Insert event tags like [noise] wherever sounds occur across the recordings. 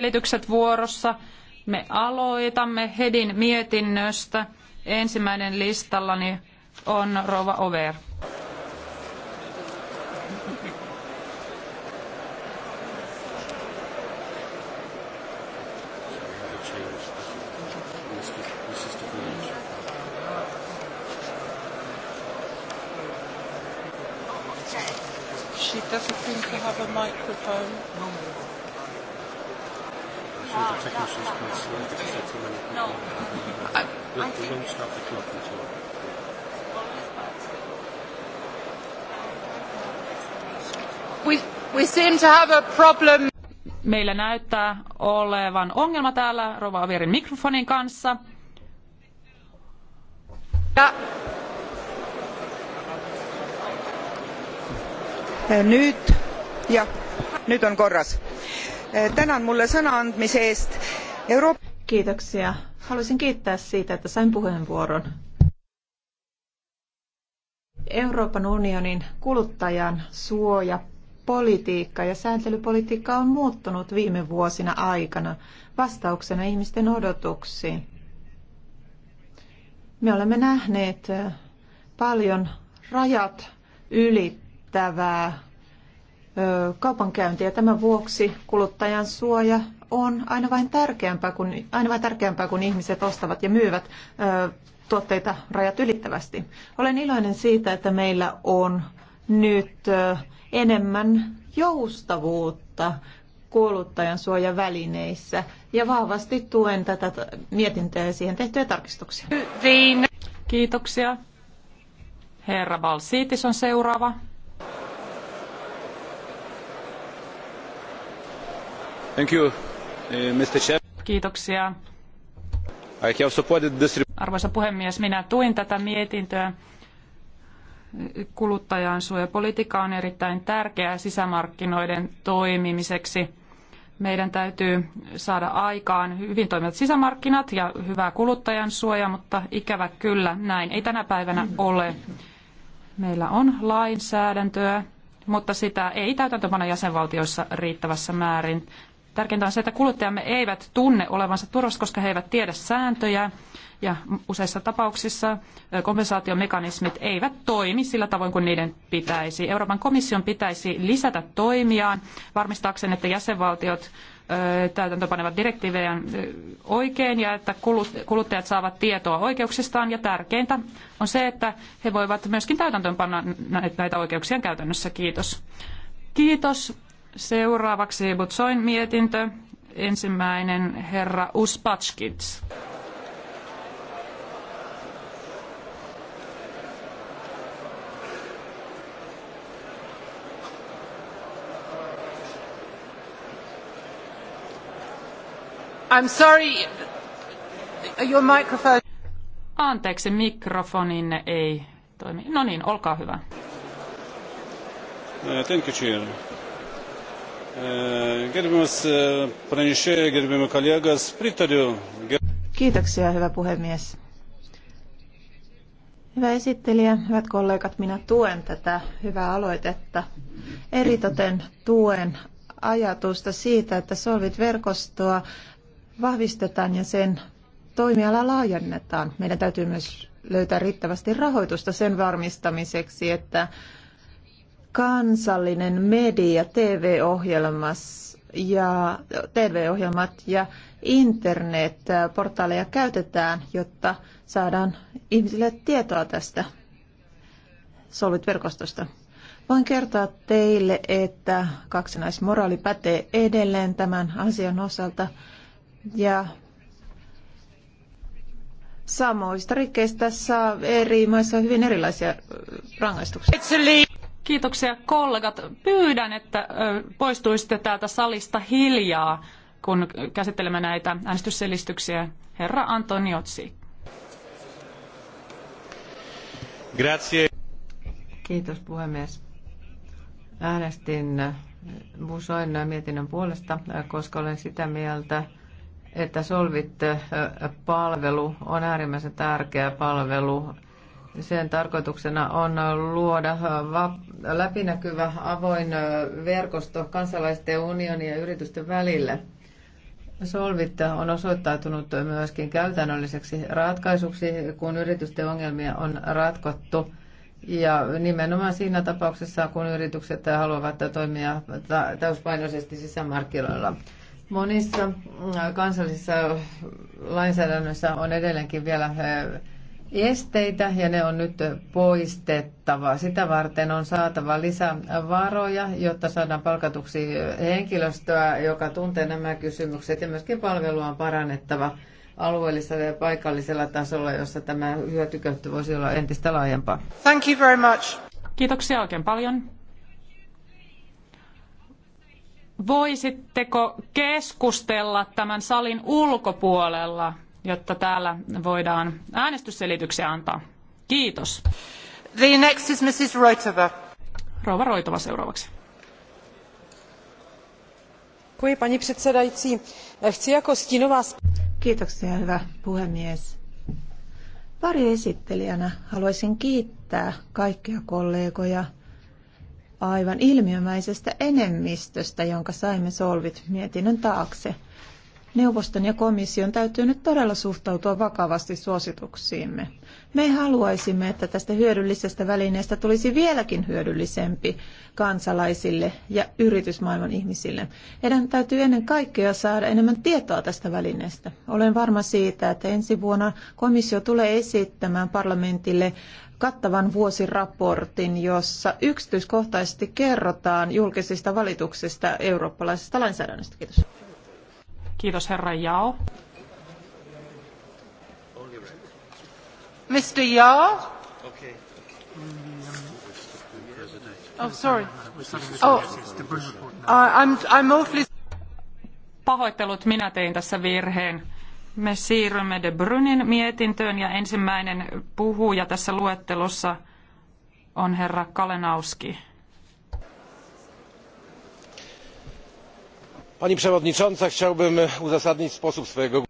selitykset vuorossa. Me aloitamme Hedin mietinnöstä. Ensimmäinen listallani on Rova Over. She doesn't seem to have a microphone through the technicians many people Uh, the clock We, we seem to have a problem. Meillä näyttää olevan ongelma täällä Rova Averin mikrofonin kanssa. Ja. Nyt. Ja. Nyt on korras Eh, tänan mulle sõna andmise eest. Kiitoksia. Haluaisin kiittää siitä, että sain puheenvuoron. Euroopan unionin kuluttajan suoja politiikka ja sääntelypolitiikka on muuttunut viime vuosina aikana vastauksena ihmisten odotuksiin. Me olemme nähneet eh, paljon rajat ylittävää kaupankäyntiä. Tämän vuoksi kuluttajan suoja on aina vain tärkeämpää, kun, aina vain tärkeämpää, kun ihmiset ostavat ja myyvät ö, tuotteita rajat ylittävästi. Olen iloinen siitä, että meillä on nyt ö, enemmän joustavuutta kuluttajan suojavälineissä ja vahvasti tuen tätä mietintöä ja siihen tehtyjä tarkistuksia. Kiitoksia. Herra Balsiitis on seuraava. Eh, Kiitoksia. Arvoisa puhemies, minä tuin tätä mietintöä. Kuluttajansuojapolitiikka on erittäin tärkeää sisämarkkinoiden toimimiseksi. Meidän täytyy saada aikaan hyvin toimivat sisämarkkinat ja hyvää kuluttajansuoja, mutta ikävä kyllä näin ei tänä päivänä ole. Meillä on lainsäädäntöä, mutta sitä ei täytäntöpana jäsenvaltioissa riittävässä määrin. Tärkeintä on se, että kuluttajamme eivät tunne olevansa turvassa, koska he eivät tiedä sääntöjä ja useissa tapauksissa kompensaatiomekanismit eivät toimi sillä tavoin kuin niiden pitäisi. Euroopan komission pitäisi lisätä toimiaan varmistaakseen, että jäsenvaltiot täytäntöpanevat direktiivejä oikein ja että kuluttajat saavat tietoa oikeuksistaan. Ja tärkeintä on se, että he voivat myöskin täytäntöönpanna näitä oikeuksia käytännössä. Kiitos. Kiitos. Seuraavaksi Butsoin mietintö. Ensimmäinen herra Uspatskits. I'm sorry, your microphone. Anteeksi, mikrofoninne ei toimi. No niin, olkaa hyvä. Uh, thank you, Eh, gerbiamas eh, pranešėja, gerbiami kollegas, pritariu. Kiitoksia, hyvä puhemies. Hyvä esittelijä, hyvät kollegat, minä tuen tätä hyvää aloitetta. Eritoten tuen ajatusta siitä, että Solvit-verkostoa vahvistetaan ja sen toimiala laajennetaan. Meidän täytyy myös löytää riittävästi rahoitusta sen varmistamiseksi, että kansallinen media tv ohjelmas ja TV-ohjelmat ja internet-portaaleja käytetään, jotta saadaan ihmisille tietoa tästä Solvit-verkostosta. Voin kertoa teille, että kaksinaismoraali pätee edelleen tämän asian osalta ja samoista rikkeistä saa eri maissa hyvin erilaisia rangaistuksia. Kiitoksia kollegat. Pyydän, että poistuisitte täältä salista hiljaa, kun käsittelemme näitä äänestysselistyksiä. Herra Antoniotsi. Grazie. Kiitos puhemies. Äänestin Busoin mietinnön puolesta, koska olen sitä mieltä, että Solvit-palvelu on äärimmäisen tärkeä palvelu sen tarkoituksena on luoda läpinäkyvä avoin verkosto kansalaisten unionin ja yritysten välille. Solvit on osoittautunut myöskin käytännölliseksi ratkaisuksi, kun yritysten ongelmia on ratkottu. Ja nimenomaan siinä tapauksessa, kun yritykset haluavat toimia täyspainoisesti sisämarkkinoilla. Monissa kansallisissa lainsäädännöissä on edelleenkin vielä esteitä ja ne on nyt poistettava. Sitä varten on saatava lisävaroja, jotta saadaan palkatuksi henkilöstöä, joka tuntee nämä kysymykset ja myöskin palvelua on parannettava alueellisella ja paikallisella tasolla, jossa tämä hyötykäyttö voisi olla entistä laajempaa. Thank you very much. Kiitoksia oikein paljon. Voisitteko keskustella tämän salin ulkopuolella? jotta täällä voidaan äänestysselityksiä antaa. Kiitos. The next is Mrs. Roitova. Rouva Roitova seuraavaksi. Pani předsedající, chci jako Kiitoksia, hyvä puhemies. Pari esittelijänä haluaisin kiittää kaikkia kollegoja aivan ilmiömäisestä enemmistöstä, jonka saimme solvit mietinnön taakse. Neuvoston ja komission täytyy nyt todella suhtautua vakavasti suosituksiimme. Me haluaisimme, että tästä hyödyllisestä välineestä tulisi vieläkin hyödyllisempi kansalaisille ja yritysmaailman ihmisille. Meidän täytyy ennen kaikkea saada enemmän tietoa tästä välineestä. Olen varma siitä, että ensi vuonna komissio tulee esittämään parlamentille kattavan vuosiraportin, jossa yksityiskohtaisesti kerrotaan julkisista valituksista eurooppalaisesta lainsäädännöstä. Kiitos. Kiitos herra Yao. Mr. Yao? Okay. Oh, sorry. Oh, uh, I'm, I'm awfully... Pahoittelut, minä tein tässä virheen. Me siirrymme De Brunin mietintöön ja ensimmäinen puhuja tässä luettelossa on herra Kalenauski. pani przewodnicząca! chciałbym uzasadnić sposób swojego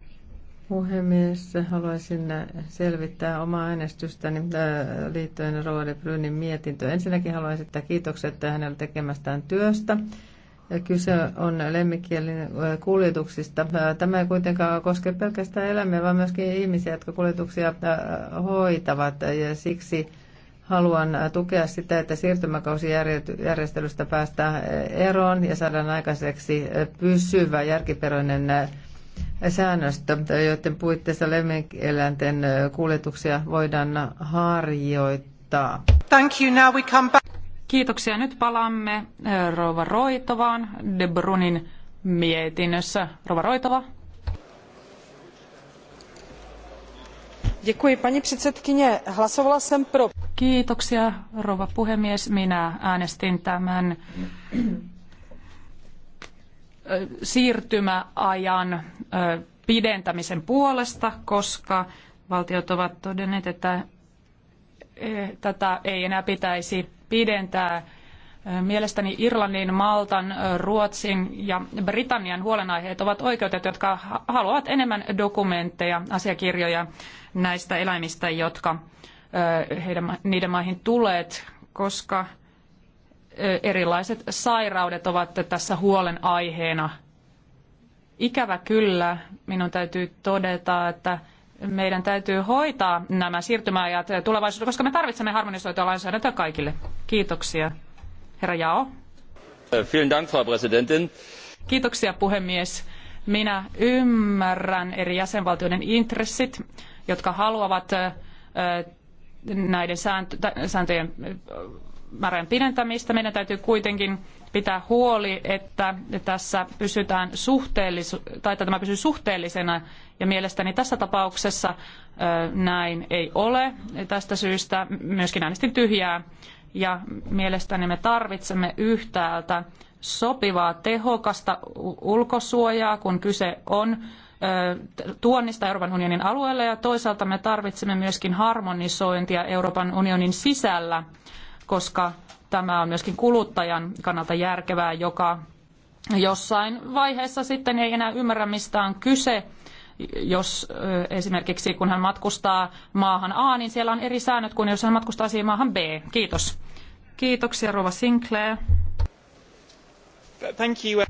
Puhemies, haluaisin selvittää omaa äänestystäni liittyen Roode Brynin mietintöön. Ensinnäkin haluaisin esittää kiitokset hänelle tekemästään työstä. Kyse on lemmikielin kuljetuksista. Tämä ei kuitenkaan koske pelkästään eläimiä, vaan myöskin ihmisiä, jotka kuljetuksia hoitavat. Ja siksi Haluan äh, tukea sitä, että siirtymäkausijärjestelystä päästään äh, eroon ja saadaan aikaiseksi äh, pysyvä järkiperäinen säännöstö, joiden puitteissa lemmikeläinten kuljetuksia voidaan harjoittaa. Thank you. Now we come back. Kiitoksia. Nyt palaamme Rova Roitovaan De Brunin mietinnössä. Rova Roitova. Děkuji, paní předsedkyně. Hlasovala jsem pro Kiitoksia, rouva puhemies. Minä äänestin tämän äh, siirtymäajan äh, pidentämisen puolesta, koska valtiot ovat todenneet, että e, tätä ei enää pitäisi pidentää. Äh, mielestäni Irlannin, Maltan, Ruotsin ja Britannian huolenaiheet ovat oikeutet, jotka haluavat enemmän dokumentteja, asiakirjoja näistä eläimistä, jotka heidän, niiden maihin tulleet, koska erilaiset sairaudet ovat tässä huolen aiheena. Ikävä kyllä, minun täytyy todeta, että meidän täytyy hoitaa nämä siirtymäajat tulevaisuudessa, koska me tarvitsemme harmonisoitua lainsäädäntöä kaikille. Kiitoksia. Herra Jao. Äh, vielen Dank, Frau Präsidentin. Kiitoksia, puhemies. Minä ymmärrän eri jäsenvaltioiden intressit, jotka haluavat äh, näiden sääntöjen määrän pidentämistä. Meidän täytyy kuitenkin pitää huoli, että tässä pysytään suhteellis- tai että tämä pysyy suhteellisena ja mielestäni tässä tapauksessa näin ei ole. Tästä syystä myöskin äänestin tyhjää ja mielestäni me tarvitsemme yhtäältä sopivaa tehokasta ulkosuojaa, kun kyse on tuonnista Euroopan unionin alueelle ja toisaalta me tarvitsemme myöskin harmonisointia Euroopan unionin sisällä, koska tämä on myöskin kuluttajan kannalta järkevää, joka jossain vaiheessa sitten ei enää ymmärrä, mistä on kyse. Jos esimerkiksi kun hän matkustaa maahan A, niin siellä on eri säännöt kuin jos hän matkustaa siihen maahan B. Kiitos. Kiitoksia, Rova Sinclair. Thank you.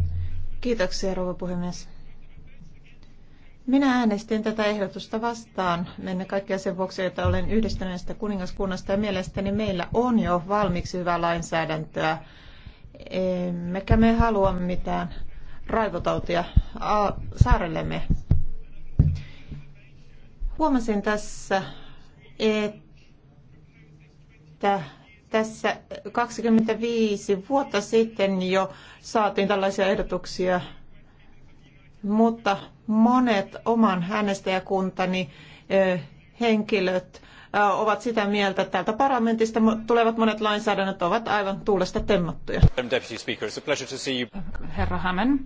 Kiitoksia, rouva puhemies. Minä äänestin tätä ehdotusta vastaan ennen kaikkea sen vuoksi, että olen yhdistyneestä kuningaskunnasta ja mielestäni meillä on jo valmiiksi hyvää lainsäädäntöä. Emmekä me halua mitään raivotautia saarellemme. Huomasin tässä, että tässä 25 vuotta sitten jo saatiin tällaisia ehdotuksia, mutta monet oman äänestäjäkuntani henkilöt ovat sitä mieltä, että täältä parlamentista tulevat monet lainsäädännöt ovat aivan tuulesta temmattuja. Herra Hämen,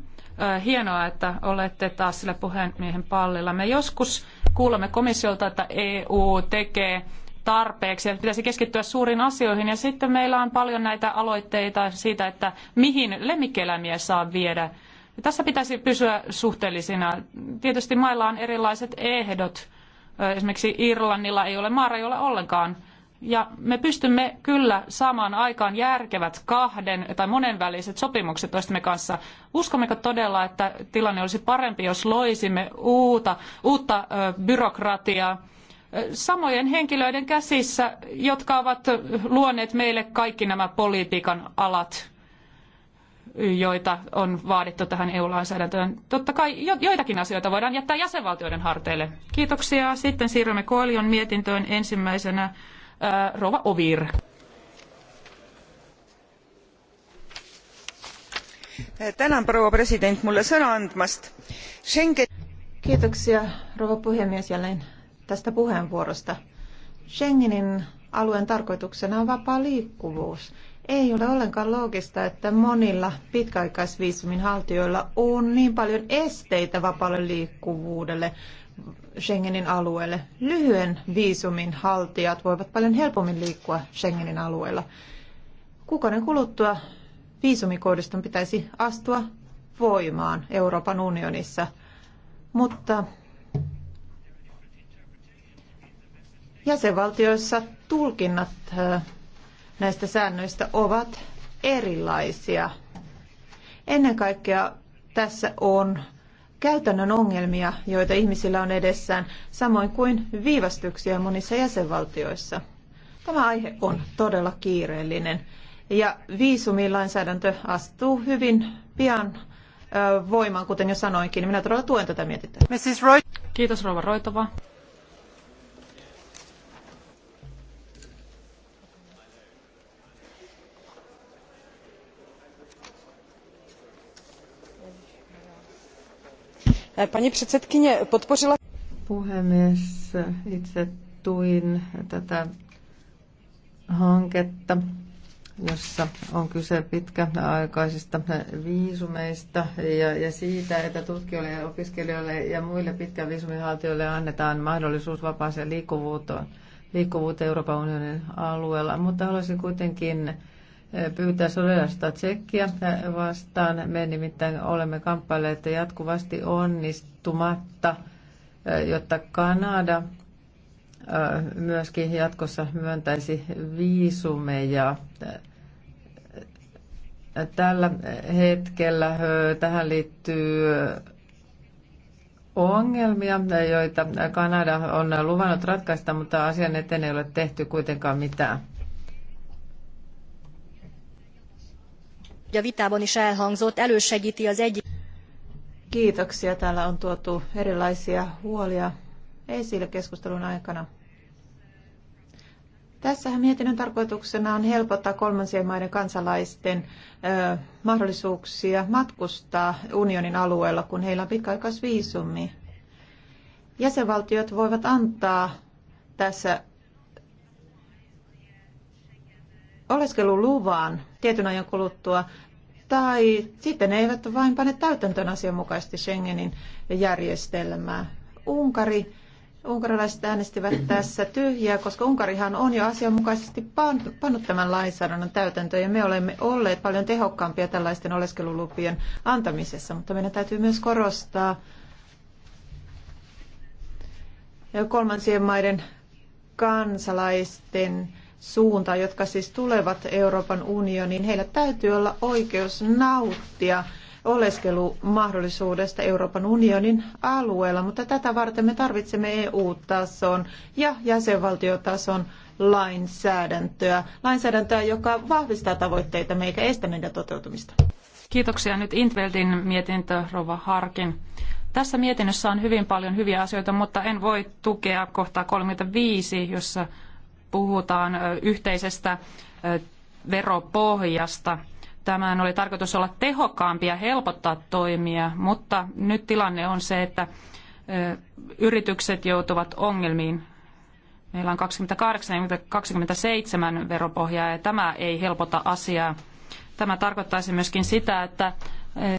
hienoa, että olette taas sillä puhemiehen pallilla. Me joskus kuulemme komissiolta, että EU tekee tarpeeksi ja pitäisi keskittyä suuriin asioihin. Ja sitten meillä on paljon näitä aloitteita siitä, että mihin lemmikkieläimiä saa viedä tässä pitäisi pysyä suhteellisina. Tietysti mailla on erilaiset ehdot. Esimerkiksi Irlannilla ei ole maarajoilla ollenkaan. Ja me pystymme kyllä saamaan aikaan järkevät kahden tai monenväliset sopimukset toistemme kanssa. Uskommeko todella, että tilanne olisi parempi, jos loisimme uuta, uutta byrokratiaa samojen henkilöiden käsissä, jotka ovat luoneet meille kaikki nämä politiikan alat? joita on vaadittu tähän EU-lainsäädäntöön. Totta kai jo, joitakin asioita voidaan jättää jäsenvaltioiden harteille. Kiitoksia. Sitten siirrymme Koelion mietintöön ensimmäisenä ää, äh, Rova Ovir. Tänään rouva president mulle sana antamast. Schengen... Kiitoksia rouva puhemies jälleen tästä puheenvuorosta. Schengenin alueen tarkoituksena on vapaa liikkuvuus. Ei ole ollenkaan loogista, että monilla pitkäaikaisviisumin haltijoilla on niin paljon esteitä vapaalle liikkuvuudelle Schengenin alueelle. Lyhyen viisumin haltijat voivat paljon helpommin liikkua Schengenin alueella. Kuukauden kuluttua viisumikoodiston pitäisi astua voimaan Euroopan unionissa, mutta jäsenvaltioissa tulkinnat äh, näistä säännöistä ovat erilaisia. Ennen kaikkea tässä on käytännön ongelmia, joita ihmisillä on edessään, samoin kuin viivästyksiä monissa jäsenvaltioissa. Tämä aihe on todella kiireellinen ja viisumilainsäädäntö astuu hyvin pian voimaan, kuten jo sanoinkin. Minä todella tuen tätä mietintää. Mrs. Roy- Kiitos Rova Roitova. Eh, Pani předsedkyně, podpořila... Puhemies, itse tuin tätä hanketta, jossa on kyse pitkäaikaisista viisumeista ja, ja siitä, että tutkijoille opiskelijoille ja muille pitkän viisumin annetaan mahdollisuus vapaaseen liikkuvuuteen, liikkuvuuteen Euroopan unionin alueella. Mutta haluaisin kuitenkin pyytää sodellista tsekkiä vastaan. Me nimittäin olemme kamppailleet jatkuvasti onnistumatta, jotta Kanada myöskin jatkossa myöntäisi viisumeja. Tällä hetkellä tähän liittyy ongelmia, joita Kanada on luvannut ratkaista, mutta asian eteen ei ole tehty kuitenkaan mitään. a vitában is elhangzott, elősegíti az egyik. Kiitoksia. Täällä on tuotu erilaisia huolia esille keskustelun aikana. Tässähän mietinnön tarkoituksena on helpottaa kolmansien maiden kansalaisten ö, mahdollisuuksia matkustaa unionin alueella, kun heillä on pitkäaikaisviisumi. Jäsenvaltiot voivat antaa tässä oleskeluluvan tietyn ajan kuluttua tai sitten ne eivät vain pane täytäntöön asianmukaisesti Schengenin järjestelmää. Unkari, unkarilaiset äänestivät [clears throat] tässä tyhjää, koska Unkarihan on jo asianmukaisesti pannut tämän lainsäädännön täytäntöön ja me olemme olleet paljon tehokkaampia tällaisten oleskelulupien antamisessa, mutta meidän täytyy myös korostaa kolmansien maiden kansalaisten suuntaan, jotka siis tulevat Euroopan unioniin, heillä täytyy olla oikeus nauttia oleskelumahdollisuudesta Euroopan unionin alueella, mutta tätä varten me tarvitsemme EU-tason ja jäsenvaltiotason lainsäädäntöä. Lainsäädäntöä, joka vahvistaa tavoitteita meikä estä meidän toteutumista. Kiitoksia nyt Intveldin mietintö Rova Harkin. Tässä mietinnössä on hyvin paljon hyviä asioita, mutta en voi tukea kohtaa 35, jossa puhutaan yhteisestä veropohjasta. Tämän oli tarkoitus olla tehokkaampi ja helpottaa toimia, mutta nyt tilanne on se, että yritykset joutuvat ongelmiin. Meillä on 28 ja 27 veropohjaa ja tämä ei helpota asiaa. Tämä tarkoittaisi myöskin sitä, että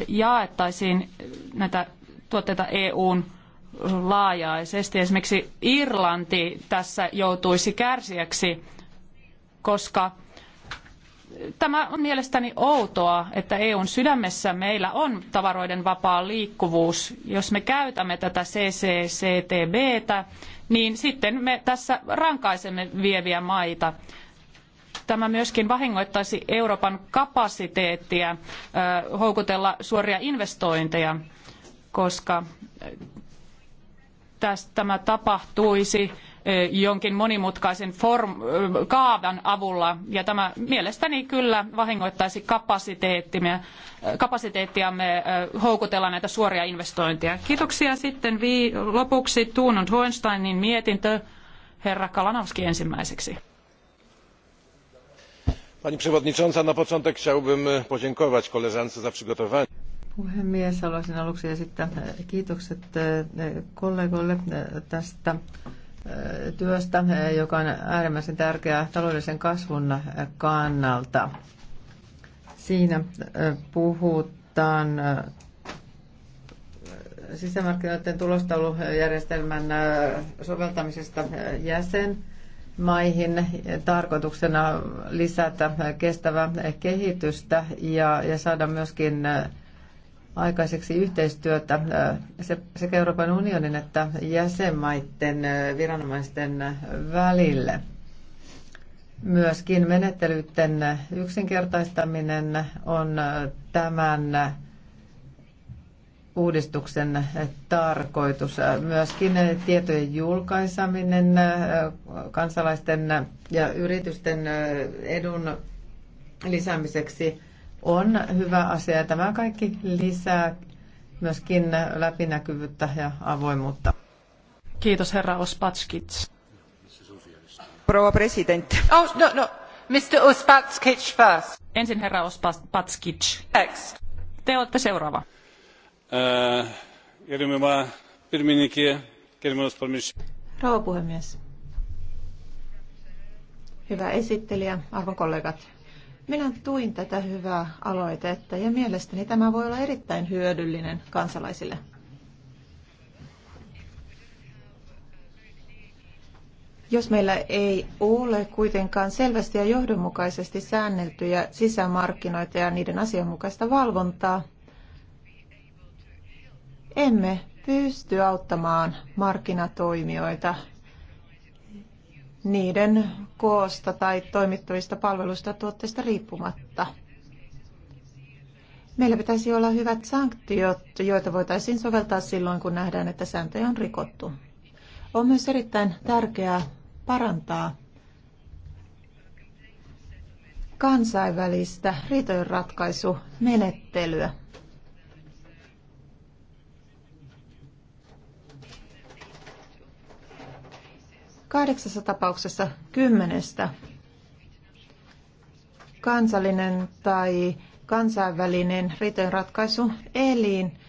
jaettaisiin näitä tuotteita EUn laajaisesti. Esimerkiksi Irlanti tässä joutuisi kärsijäksi, koska tämä on mielestäni outoa, että EUn sydämessä meillä on tavaroiden vapaa liikkuvuus. Jos me käytämme tätä CCCTBtä, niin sitten me tässä rankaisemme vieviä maita. Tämä myöskin vahingoittaisi Euroopan kapasiteettia houkutella suoria investointeja, koska tästä tämä tapahtuisi jonkin monimutkaisen form, kaavan avulla. Ja tämä mielestäni kyllä vahingoittaisi kapasiteettiamme houkutella näitä suoria investointeja. Kiitoksia sitten vi- lopuksi Tuunund Hoensteinin mietintö. Herra Kalanowski ensimmäiseksi. Pani przewodnicząca, na początek chciałbym podziękować koleżance za przygotowanie. Puhemies, haluaisin aluksi esittää kiitokset eh, kollegoille eh, tästä eh, työstä, joka on äärimmäisen tärkeää taloudellisen kasvun kannalta. Siinä puhutaan sisämarkkinoiden tulostaulujärjestelmän soveltamisesta jäsenmaihin tarkoituksena lisätä kestävää kehitystä ja, ja saada myöskin aikaiseksi yhteistyötä sekä Euroopan unionin että jäsenmaiden viranomaisten välille. Myöskin menettelyiden yksinkertaistaminen on tämän uudistuksen tarkoitus. Myöskin tietojen julkaiseminen kansalaisten ja yritysten edun lisäämiseksi on hyvä asia ja tämä kaikki lisää myöskin läpinäkyvyyttä ja avoimuutta. Kiitos herra Ospatskits. Rouva presidentti. Oh, no, no. Mr. Ospatskits first. Ensin herra Ospatskits. Next. Te olette seuraava. Uh, Rouva puhemies. Hyvä esittelijä, arvon kollegat. Minä tuin tätä hyvää aloitetta ja mielestäni tämä voi olla erittäin hyödyllinen kansalaisille. Jos meillä ei ole kuitenkaan selvästi ja johdonmukaisesti säänneltyjä sisämarkkinoita ja niiden asianmukaista valvontaa, emme pysty auttamaan markkinatoimijoita niiden koosta tai toimittavista palveluista tuotteista riippumatta. Meillä pitäisi olla hyvät sanktiot, joita voitaisiin soveltaa silloin, kun nähdään, että sääntöjä on rikottu. On myös erittäin tärkeää parantaa kansainvälistä ratkaisumenettelyä. Kahdeksassa tapauksessa kymmenestä kansallinen tai kansainvälinen riitojenratkaisu eliin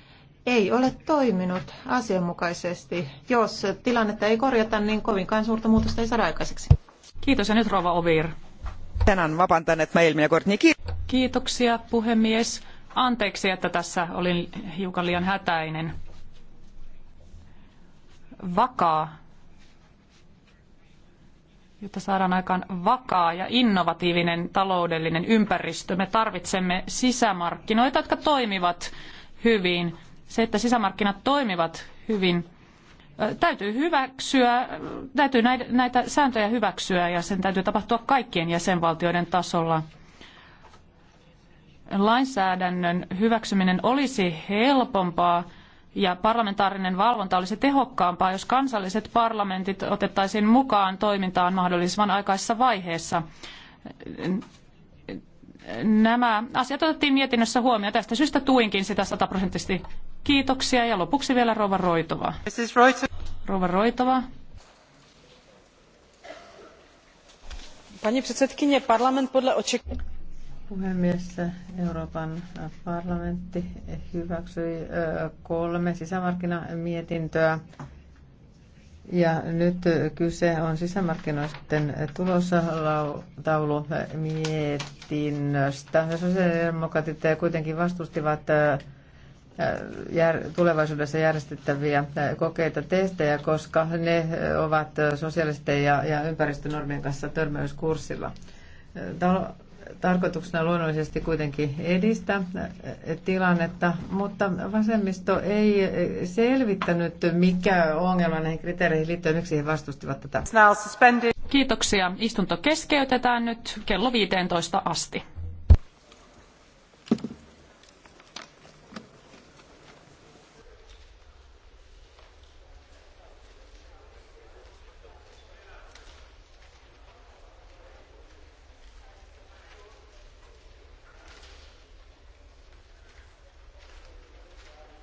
ei ole toiminut asianmukaisesti. Jos tilannetta ei korjata, niin kovinkaan suurta muutosta ei saada aikaiseksi. Kiitos ja nyt Rova Ovir. Tänään vapaan tänne, että mä ilmiä Kiitoksia puhemies. Anteeksi, että tässä olin hiukan liian hätäinen. Vakaa jotta saadaan aikaan vakaa ja innovatiivinen taloudellinen ympäristö. Me tarvitsemme sisämarkkinoita, jotka toimivat hyvin. Se, että sisämarkkinat toimivat hyvin, täytyy hyväksyä, täytyy näitä sääntöjä hyväksyä ja sen täytyy tapahtua kaikkien jäsenvaltioiden tasolla. Lainsäädännön hyväksyminen olisi helpompaa, ja parlamentaarinen valvonta olisi tehokkaampaa, jos kansalliset parlamentit otettaisiin mukaan toimintaan mahdollisimman aikaisessa vaiheessa. Nämä asiat otettiin mietinnössä huomioon. Tästä syystä tuinkin sitä sataprosenttisesti. Kiitoksia ja lopuksi vielä Rova Roitova. Rova Roitova. Pani předsedkyně, parlament podle očekávání Puhemies, Euroopan parlamentti hyväksyi kolme sisämarkkinamietintöä. Ja nyt kyse on sisämarkkinoiden tulostaulumietinnöstä. Sosiaalidemokraatit kuitenkin vastustivat tulevaisuudessa järjestettäviä kokeita testejä, koska ne ovat sosiaalisten ja, ja ympäristönormien kanssa törmäyskurssilla tarkoituksena luonnollisesti kuitenkin edistää eh, tilannetta, mutta vasemmisto ei eh, selvittänyt, mikä ongelma näihin kriteereihin liittyen, miksi he vastustivat tätä. Kiitoksia. Istunto keskeytetään nyt kello 15 asti.